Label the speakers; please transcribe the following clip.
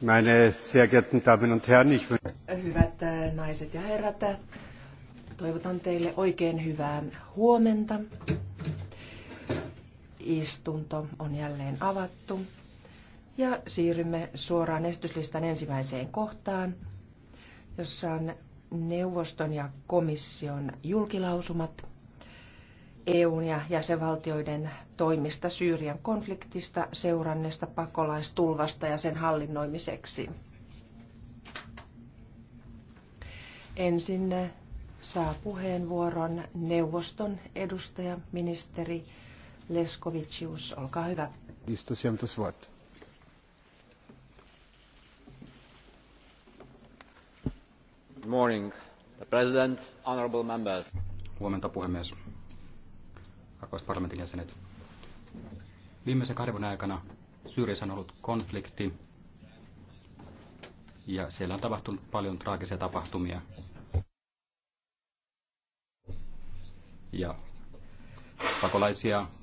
Speaker 1: Meine sehr geehrten Damen und Herren, ich
Speaker 2: Hyvät äh, naiset ja herrat, äh, toivotan teille oikein hyvää huomenta. Istunto on jälleen avattu. Ja siirrymme suoraan esityslistan ensimmäiseen kohtaan, jossa on neuvoston ja komission julkilausumat EUn ja jäsenvaltioiden toimista Syyrian konfliktista, seuranneesta pakolaistulvasta ja sen hallinnoimiseksi. Ensin saa puheenvuoron neuvoston edustaja, ministeri Leskovicius. Olkaa hyvä.
Speaker 3: Good morning, the president, honorable members. Huomenta puhemies, arvoisat parlamentin jäsenet. Viimeisen kahden vuoden aikana Syyriassa on ollut konflikti ja siellä on tapahtunut paljon traagisia tapahtumia. Ja pakolaisia